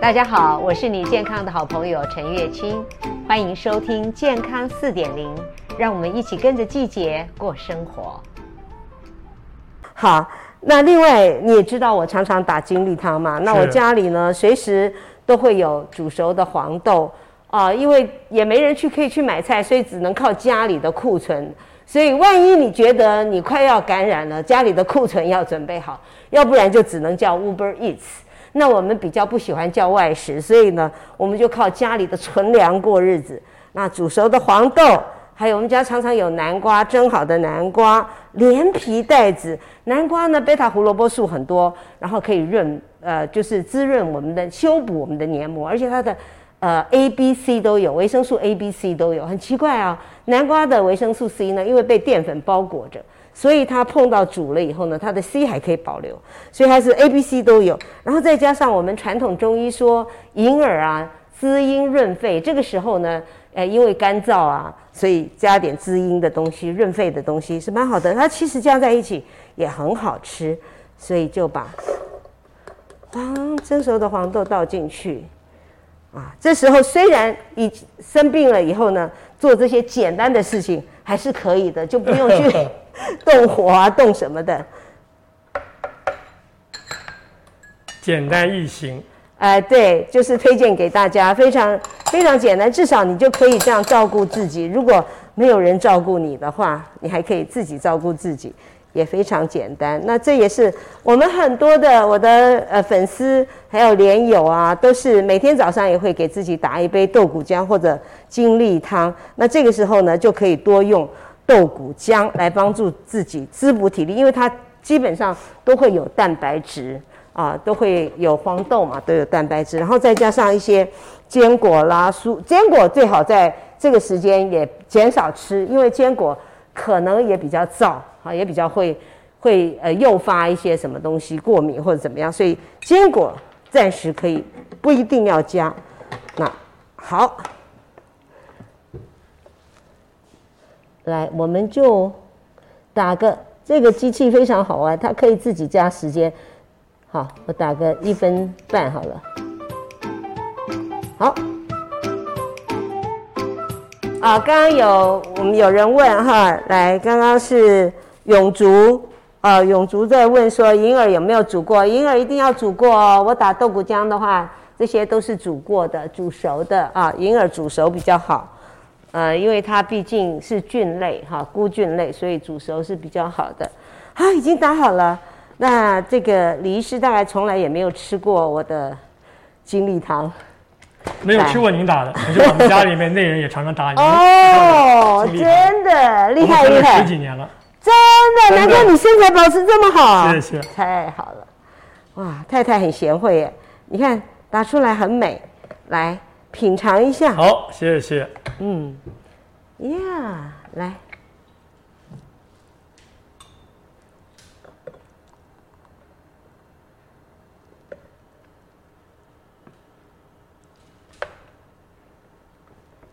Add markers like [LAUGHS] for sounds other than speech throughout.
大家好，我是你健康的好朋友陳月卿，歡迎收聽《健康4.0》，讓我們一起跟着季節過生活。好，那另外你也知道我常常打精力湯嘛？那我家裡呢，是隨時都會有煮熟的黃豆啊、呃，因為也沒人去可以去買菜，所以只能靠家裡的庫存。所以萬一你覺得你快要感染了，家裡的庫存要準備好，要不然就只能叫 Uber Eats。那我們比較不喜歡叫外食，所以呢，我們就靠家裡的存糧過日子。那煮熟的黃豆，還有我們家常常有南瓜，蒸好的南瓜，連皮帶籽。南瓜呢，貝塔胡蘿蔔素很多，然後可以潤，呃，就是滋潤我們的、修補我們的黏膜，而且它的，呃，A、B、C 都有，維生素 A、B、C 都有。很奇怪啊、哦，南瓜的維生素 C 呢，因為被澱粉包裹着。所以它碰到煮了以後呢，它的 C 還可以保留，所以還是 A、B、C 都有。然後再加上我們傳統中醫說銀耳啊，滋陰潤肺。這個時候呢，呃，因為乾燥啊，所以加點滋陰的東西、潤肺的東西是蠻好的。它其實加在一起也很好吃，所以就把黃蒸熟的黃豆倒進去啊。這時候雖然已生病了以後呢，做這些簡單的事情。還是可以的，就不用去動火啊，動什麼的，簡單易行。哎、呃，對，就是推薦給大家，非常非常簡單，至少你就可以這樣照顧自己。如果沒有人照顧你的話，你還可以自己照顧自己。也非常簡單，那這也是我們很多的我的呃粉絲還有蓮友啊，都是每天早上也會給自己打一杯豆穀漿或者精力湯。那這個時候呢，就可以多用豆穀漿來幫助自己滋補體力，因為它基本上都會有蛋白質啊，都會有黃豆嘛，都有蛋白質，然後再加上一些堅果啦，酥堅果最好在這個時間也減少吃，因為堅果可能也比較燥。好，也比較會會呃誘發一些什麼東西，過敏或者怎麼樣，所以堅果暫時可以不一定要加。那好，來，我們就打個這個機器非常好玩，它可以自己加時間。好，我打個一分半好了。好，啊，剛剛有我們有人問哈，來，剛剛是。永竹啊、呃，永竹在問說銀耳有沒有煮過？銀耳一定要煮過哦。我打豆骨漿的話，這些都是煮過的，煮熟的啊。銀耳煮熟比較好，呃，因為它畢竟是菌類哈，菇、啊、菌類，所以煮熟是比較好的。好、啊，已經打好了。那這個李醫師大概從來也沒有吃過我的精力湯，沒有吃過您打的，可是 [LAUGHS] 我們家裡面那人也常常打你 [LAUGHS] 哦，的真的厲害厲害。十幾年了。真的，難怪你身材保持這麼好，謝謝，謝謝，太好了，哇，太太很賢惠耶，你看打出來很美，來品嘗一下。好，謝謝，謝謝，嗯，呀、yeah，來，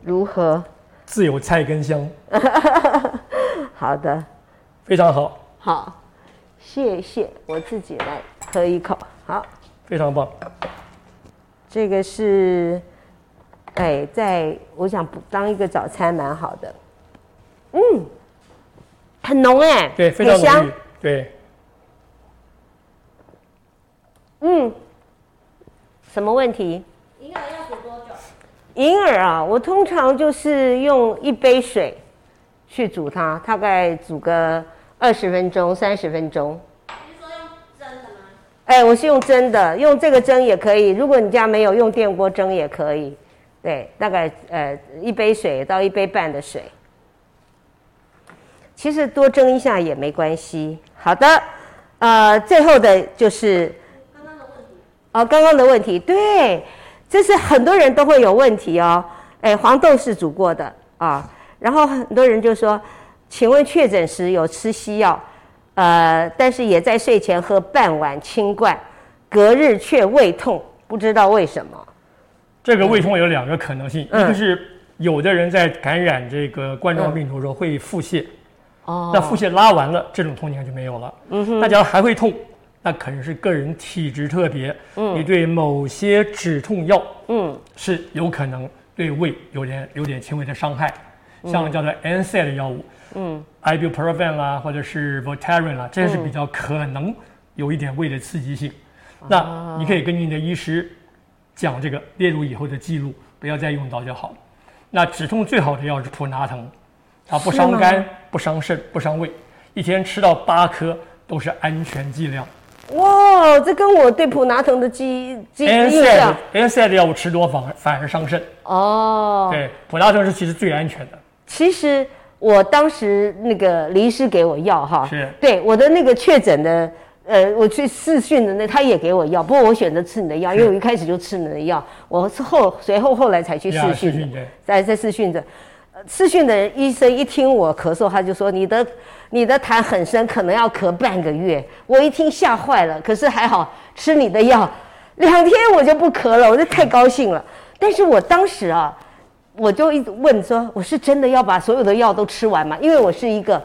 如何？自有菜根香， [LAUGHS] 好的。非常好，好，謝謝，我自己來喝一口，好，非常棒。這個是，哎，在我想當一個早餐，蠻好的，嗯，很濃哎、欸，對，非常香，對，嗯，什麼問題？銀耳要煮多久？銀耳啊，我通常就是用一杯水。去煮它，大概煮個二十分鐘、三十分鐘。你是說用蒸的嗎？哎，我是用蒸的，用這個蒸也可以。如果你家沒有用電鍋蒸也可以。對，大概呃一杯水到一杯半的水。其實多蒸一下也沒關係。好的，呃，最後的就是剛剛的問題。哦，剛剛的問題，對，這是很多人都會有問題哦。哎，黃豆是煮過的啊。然後很多人就說：“請問確診時有吃西藥，呃，但是也在睡前喝半碗清冠，隔日卻胃痛，不知道為什麼。”這個胃痛有兩個可能性，嗯、一個是有的人在感染這個冠狀病毒的時候會腹瀉，嗯、哦，那腹瀉拉完了，這種痛你看就沒有了。嗯哼，那假如還會痛，那可能是個人體質特別，嗯，你對某些止痛藥，嗯，是有可能對胃有點有點輕微的傷害。像叫做 NSAID、嗯、的藥物，嗯，Ibuprofen 啦，啊，或者是 Voltaren 啦，啊，這是比較可能有一點胃的刺激性。嗯、那你可以跟你的醫師講這個，列入以後的記錄，不要再用到就好了。那止痛最好的藥是普拿疼，它不傷肝嗎不傷、不傷腎、不傷胃，一天吃到八顆都是安全劑量。哇，這跟我對普拿疼的記憶一樣。NSAID NSAID 的藥物吃多反而反而傷腎。哦，對，普拿疼是其實最安全的。其實我當時那個李醫師給我藥哈，是，對我的那個確診的，呃，我去視訊的，那他也給我藥，不過我選擇吃你的藥，是因為我一開始就吃你的藥，我是後隨後後來才去視訊，啊，在在視訊的，視訊的醫生一聽我咳嗽，他就說你的你的痰很深，可能要咳半個月。我一聽嚇壞了，可是還好吃你的藥，兩天我就不咳了，我就太高興了。是但是我當時啊。我就一直問說：“我是真的要把所有的藥都吃完嗎？因為我是一個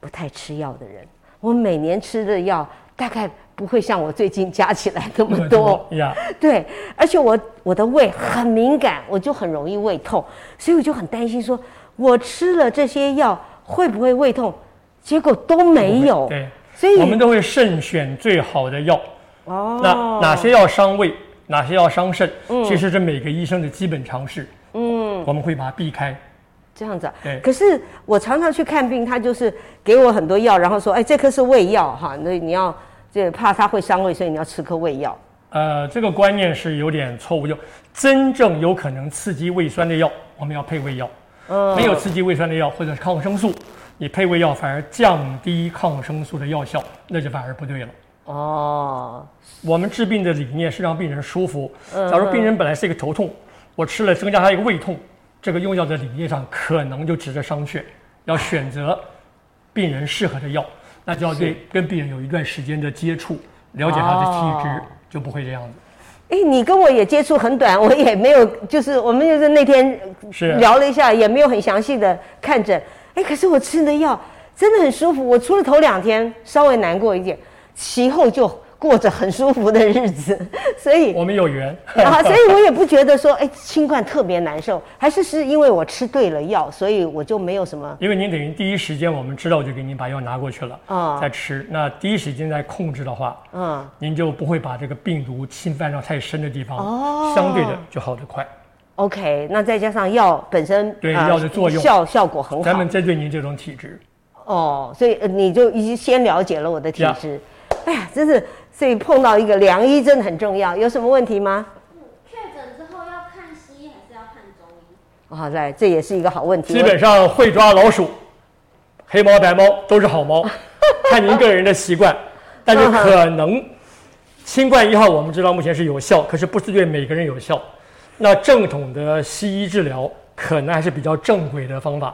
不太吃藥的人，我每年吃的藥大概不會像我最近加起來那麼多。呀、mm，hmm. yeah. 對，而且我我的胃很敏感，我就很容易胃痛，所以我就很擔心，說我吃了這些藥會不會胃痛？結果都沒有。對，對所以我們都會慎選最好的藥。哦，oh. 那哪些藥傷胃，哪些藥傷腎，嗯、其實是每個醫生的基本常識。”我們會把它避開，這樣子、啊。對。可是我常常去看病，他就是給我很多藥，然後說：“哎，這顆是胃藥哈，那你要這怕它會傷胃，所以你要吃顆胃藥。”呃，這個觀念是有點錯誤。就真正有可能刺激胃酸的藥，我們要配胃藥。嗯、哦。沒有刺激胃酸的藥，或者是抗生素，你配胃藥反而降低抗生素的藥效，那就反而不對了。哦。我們治病的理念是讓病人舒服。假如病人本來是一個頭痛，嗯哼。我吃了增加他一個胃痛。這個用藥的理念上可能就值得商榷，要選擇病人適合的藥，那就要對跟病人有一段時間的接觸，是了解他的體質，哦、就不會這樣子。哎，你跟我也接觸很短，我也沒有，就是我們就是那天是聊了一下，也沒有很詳細的看診。哎，可是我吃的藥真的很舒服，我除了頭兩天稍微難過一點，其後就。過着很舒服的日子，所以 [LAUGHS] 我們有緣啊，所以我也不覺得說，哎，新冠特別難受，還是是因為我吃對了藥，所以我就沒有什麼。因為您等於第一時間我們知道，就給您把藥拿過去了啊，哦、再吃。那第一時間再控制的話，嗯，您就不會把這個病毒侵犯到太深的地方，相對的就好得快。哦、OK，那再加上藥本身對藥的作用、呃、效效果很好，咱們針對您這種體質。哦，所以你就已經先了解了我的體質，Yeah. 哎呀，真是。所以碰到一個良醫真的很重要。有什麼問題嗎、嗯？確診之後要看西醫還是要看中醫？啊，來，這也是一個好問題。基本上會抓老鼠，黑貓白貓都是好貓， [LAUGHS] 看您個人的習慣。 [LAUGHS] 但是可能清冠一號我們知道目前是有效，可是不是對每個人有效。那正統的西醫治療可能還是比較正規的方法。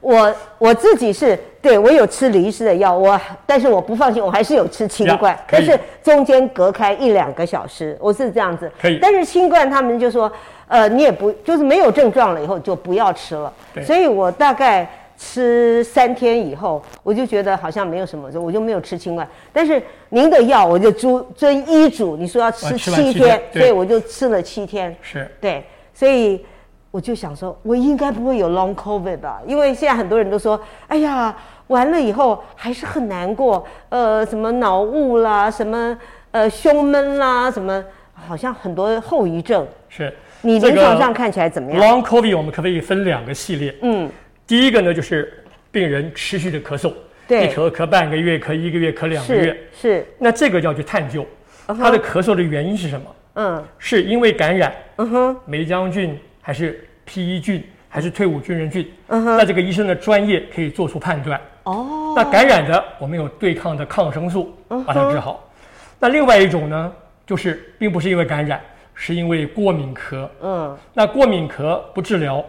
我我自己是對我有吃李醫師的藥，我但是我不放心，我還是有吃清冠，yeah, 但是中間隔開一兩個小時，我是這樣子。可以。但是清冠他們就說，呃，你也不就是沒有症狀了以後就不要吃了。對所以我大概吃三天以後，我就覺得好像沒有什麼，我就沒有吃清冠。但是您的藥我就遵遵醫囑，你說要吃七天，所以我就吃了七天。對是。對，所以。我就想說，我應該不會有 long covid 吧，因為現在很多人都說，哎呀，完了以後還是很難過，呃，什麼腦霧啦，什麼呃胸悶啦，什麼好像很多後遺症。是，你臨床上看起來怎麼樣？long covid 我們可不可以分兩個系列，嗯，第一個呢就是病人持續的咳嗽，對，一咳咳半個月，咳一個月，咳兩個月，是，是那這個要去探究，他、uh huh、的咳嗽的原因是什麼？嗯，是因為感染？嗯哼、uh，huh、黴漿菌。還是 P e 菌，還是退伍軍人菌，那、嗯、哼這個醫生的專業可以做出判斷。哦，那感染的我們有對抗的抗生素把它治好。嗯、哼那另外一種呢，就是並不是因為感染，是因為過敏咳。嗯，那過敏咳不治療，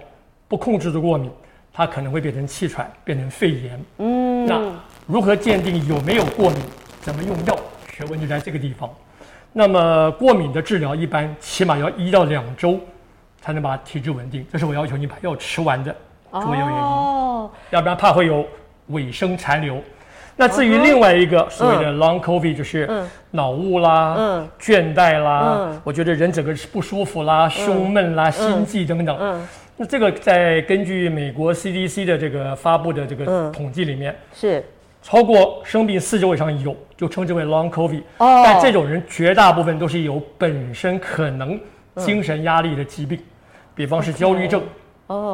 不控制住過敏，它可能會變成氣喘，變成肺炎。嗯，那如何鑑定有沒有過敏，怎麼用藥，學問就在這個地方。那麼過敏的治療一般起碼要一到兩周。才能把體質穩定，這是我要求你把藥吃完的主要原因，oh, 要不然怕會有尾聲殘留。那至於另外一個、uh huh. 所謂的 long COVID，就是腦霧啦、uh huh. 倦怠啦、uh huh. 我覺得人整個是不舒服啦、uh huh. 胸悶啦、uh huh. 心悸等等。Uh huh. 那這個在根據美國 CDC 的這個發佈的這個統計裡面，是、uh huh. 超過生病四周以上有，就稱之為 long COVID，uh huh. 但這種人絕大部分都是有本身可能。精神壓力的疾病，比方是焦慮症，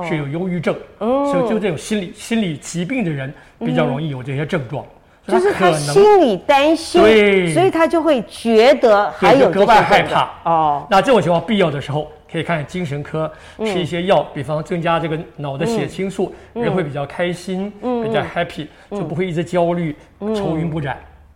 是有憂鬱症，所以就這種心理心理疾病的人比較容易有這些症狀。就是他心裡擔心，所以他就會覺得還有格外害怕。哦，那這種情況必要的時候可以看精神科，吃一些藥，比方增加這個腦的血清素，人會比較開心，比較 happy，就不會一直焦慮、愁雲不展。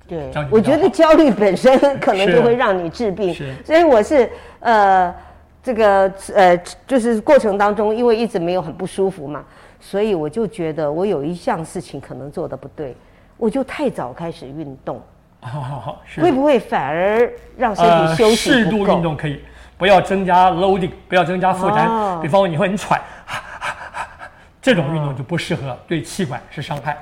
對，我覺得焦慮本身可能就會讓你治病，所以我是呃，這個呃，就是過程當中，因為一直沒有很不舒服嘛，所以我就覺得我有一項事情可能做的不對，我就太早開始運動，哦哦哦、會不會反而讓身體休息不夠、呃、適度運動可以，不要增加 loading，不要增加負擔，哦、比方說你會很喘、啊啊啊，這種運動就不適合，對氣管是傷害。哦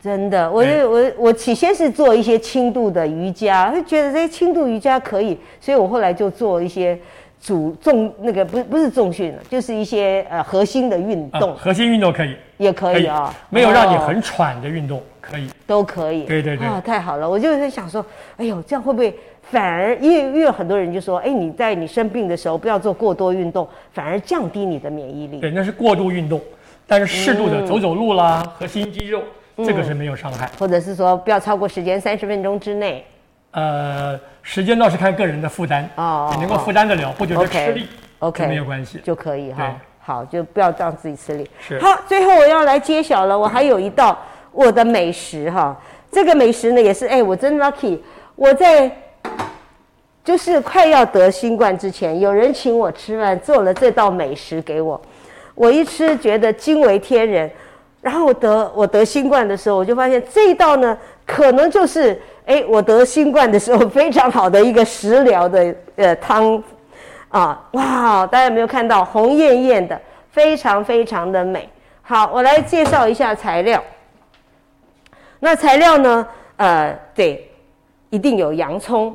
真的，我我沒我起先是做一些輕度的瑜伽，就覺得這些輕度瑜伽可以，所以我後來就做一些主重那個不不是重訓了，就是一些呃核心的運動。啊。核心運動可以，也可以啊，以哦、沒有讓你很喘的運動可以，都可以。對對對，啊太好了，我就是想說，哎呦這樣會不會反而因為因為很多人就說，哎你在你生病的時候不要做過多運動，反而降低你的免疫力。對，那是過度運動，但是適度的走走路啦，嗯、核心肌肉。這個是沒有傷害，嗯，或者是說不要超過時間三十分鐘之內。呃，時間倒是看個人的負擔，你，哦，能夠負擔得了，不覺得吃力，哦、OK, okay 沒有關係就可以哈。對好，就不要讓自己吃力。是好，最後我要來揭曉了，我還有一道我的美食哈。這個美食呢，也是哎，我真 lucky，我在就是快要得新冠之前，有人請我吃飯，做了這道美食給我，我一吃覺得驚為天人。然後我得我得新冠的時候，我就發現這一道呢，可能就是哎，我得新冠的時候非常好的一個食療的呃湯。啊哇，大家有沒有看到紅豔豔的，非常非常的美。好，我來介紹一下材料。那材料呢，呃，對，一定有洋蔥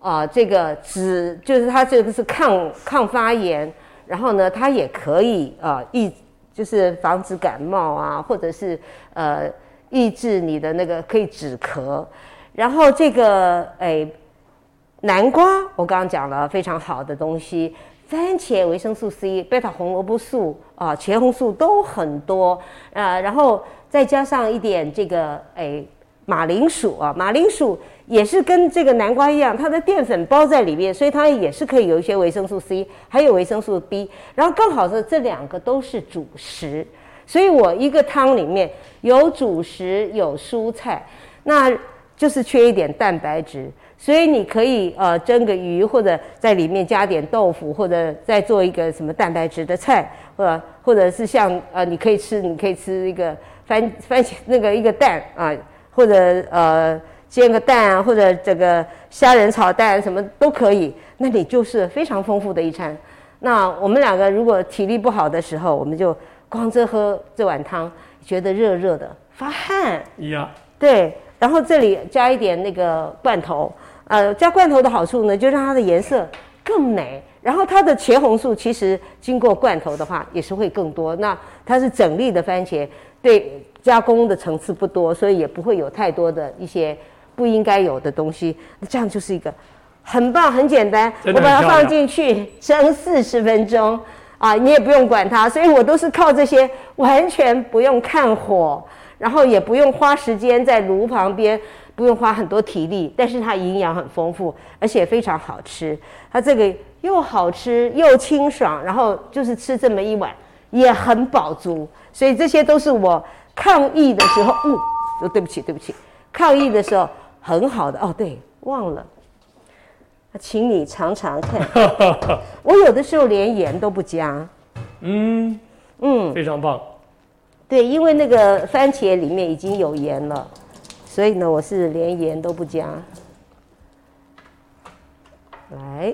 啊、呃，這個紫就是它這個是抗抗發炎，然後呢，它也可以啊抑。呃一就是防止感冒啊，或者是呃抑制你的那個可以止咳，然後這個誒、哎、南瓜我剛剛講了非常好的東西，番茄維生素 C、貝塔胡蘿蔔素啊、茄紅素都很多啊，然後再加上一點這個誒。哎馬鈴薯啊，馬鈴薯也是跟這個南瓜一樣，它的澱粉包在裡面，所以它也是可以有一些維生素 C，還有維生素 B。然後剛好是這兩個都是主食，所以我一個湯裡面有主食有蔬菜，那就是缺一點蛋白質，所以你可以呃蒸個魚，或者在裡面加點豆腐，或者再做一個什麼蛋白質的菜，或者、呃、或者是像呃你可以吃你可以吃一個番番茄那個一個蛋啊。呃或者呃煎個蛋啊，或者這個蝦仁炒蛋什麼都可以，那裡就是非常豐富的一餐。那我們兩個如果體力不好的時候，我們就光着喝這碗湯，覺得熱熱的，發汗一樣。Yeah. 對，然後這裡加一點那個罐頭，呃，加罐頭的好處呢，就讓它的顏色更美，然後它的茄紅素其實經過罐頭的話也是會更多。那它是整粒的番茄。對，加工的層次不多，所以也不會有太多的一些不應該有的東西。那這樣就是一個很棒、很簡單。我把它放進去蒸四十分鐘啊，你也不用管它。所以我都是靠這些，完全不用看火，然後也不用花時間在爐旁邊，不用花很多體力。但是它營養很豐富，而且非常好吃。它這個又好吃又清爽，然後就是吃這麼一碗。也很飽足，所以這些都是我抗疫的時候。嗯、哦，對不起，對不起，抗疫的時候很好的哦。對，忘了，請你嘗嘗看看。 [LAUGHS] 我有的時候連鹽都不加。嗯嗯，嗯非常棒。對，因為那個番茄裡面已經有鹽了，所以呢，我是連鹽都不加。來，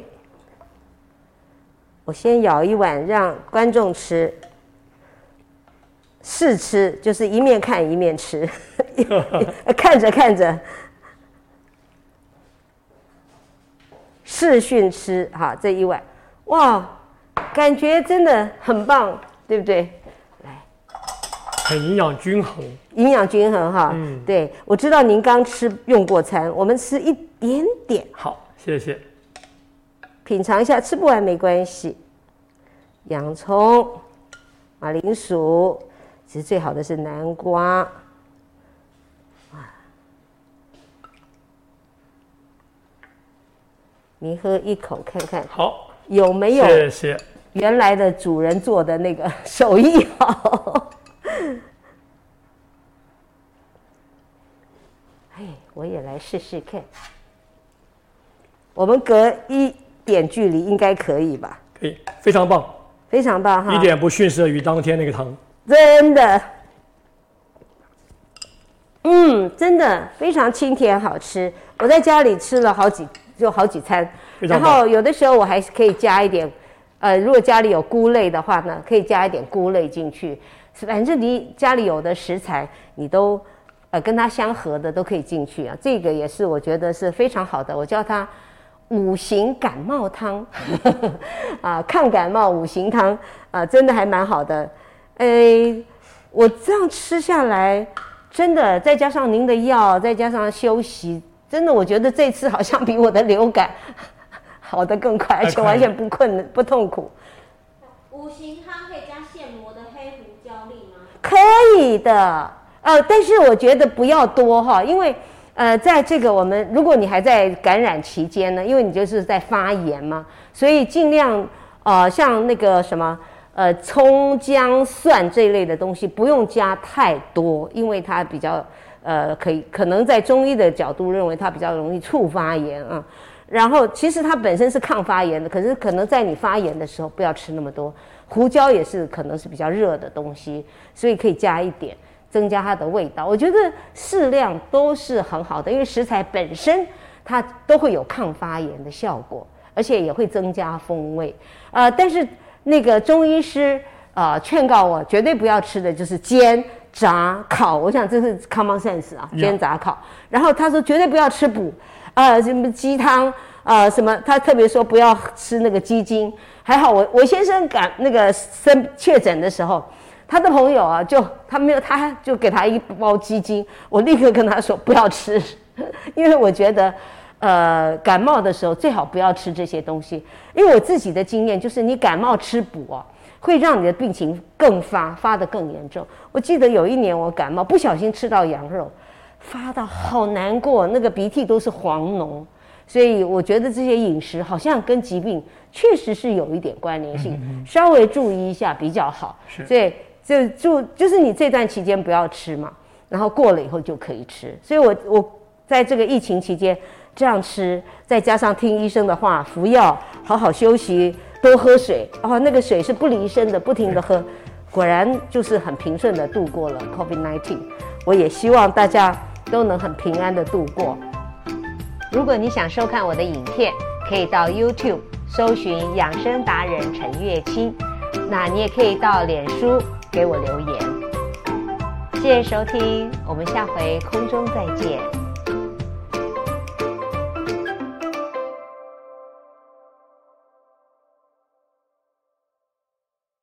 我先舀一碗讓觀眾吃。試吃就是一面看一面吃， [LAUGHS] 看着看着試訓吃哈這一碗哇，感覺真的很棒，對不對？來，很營養均衡，營養均衡哈。嗯，對，我知道您剛吃用過餐，我們吃一點點。好，謝謝。品嘗一下，吃不完沒關係。洋蔥、馬鈴薯。其實最好的是南瓜，啊，你喝一口看看，好，有沒有？謝謝。原來的主人做的那個手藝好。哎，我也來試試看。我們隔一點距離應該可以吧？可以，非常棒。非常棒哈，一點不遜色於當天那個湯。真的，嗯，真的非常清甜，好吃。我在家裡吃了好幾，就好幾餐。非常棒。然後有的時候我還可以加一點，呃，如果家裡有菇類的話呢，可以加一點菇類進去。反正你家裡有的食材，你都，呃，跟它相合的都可以進去啊。這個也是我覺得是非常好的。我叫它五行感冒湯，啊，抗感冒五行湯啊，真的還蠻好的。誒，我這樣吃下來，真的，再加上您的藥，再加上休息，真的，我覺得這次好像比我的流感好的更快，而且完全不困不痛苦。五行湯可以加現磨的黑胡椒粒嗎？可以的，呃，但是我覺得不要多哈，因為呃，在這個我們，如果你還在感染期間呢，因為你就是在發炎嘛，所以盡量呃，像那個什麼。呃，蔥薑蒜這一類的東西不用加太多，因為它比較呃，可以可能在中醫的角度認為它比較容易促發炎啊。然後其實它本身是抗發炎的，可是可能在你發炎的時候不要吃那麼多。胡椒也是可能是比較熱的東西，所以可以加一點，增加它的味道。我覺得適量都是很好的，因為食材本身它都會有抗發炎的效果，而且也會增加風味。呃，但是。那個中醫師啊、呃，勸告我絕對不要吃的就是煎、炸、烤。我想這是 common sense 啊，煎、炸、烤。然後他說絕對不要吃補，啊，什麼雞湯啊、呃，什麼他特別說不要吃那個雞精。還好我我先生感那個生確診的時候，他的朋友啊，就他沒有，他就給他一包雞精，我立刻跟他說不要吃，因為我覺得。呃，感冒的時候最好不要吃這些東西，因為我自己的經驗就是，你感冒吃補啊，會讓你的病情更發，發得更嚴重。我記得有一年我感冒，不小心吃到羊肉，發到好難過，那個鼻涕都是黃膿，所以我覺得這些飲食好像跟疾病確實是有一點關聯性，嗯嗯嗯，稍微注意一下比較好。是所以就就就是你這段期間不要吃嘛，然後過了以後就可以吃。所以我我在這個疫情期間。這樣吃，再加上聽醫生的話，服藥，好好休息，多喝水。哦，那個水是不離身的，不停的喝。果然就是很平順的度過了 COVID-19。我也希望大家都能很平安的度過。如果你想收看我的影片，可以到 YouTube 搜尋“養生達人陳月卿”，那你也可以到臉書給我留言。謝謝收聽，我們下回空中再見。